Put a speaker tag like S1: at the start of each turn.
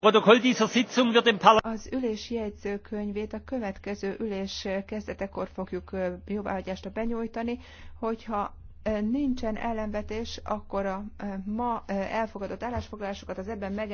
S1: Az ülés jegyzőkönyvét a következő ülés kezdetekor fogjuk jóváhagyásra benyújtani, hogyha nincsen ellenvetés, akkor a ma elfogadott állásfoglalásokat az ebben meg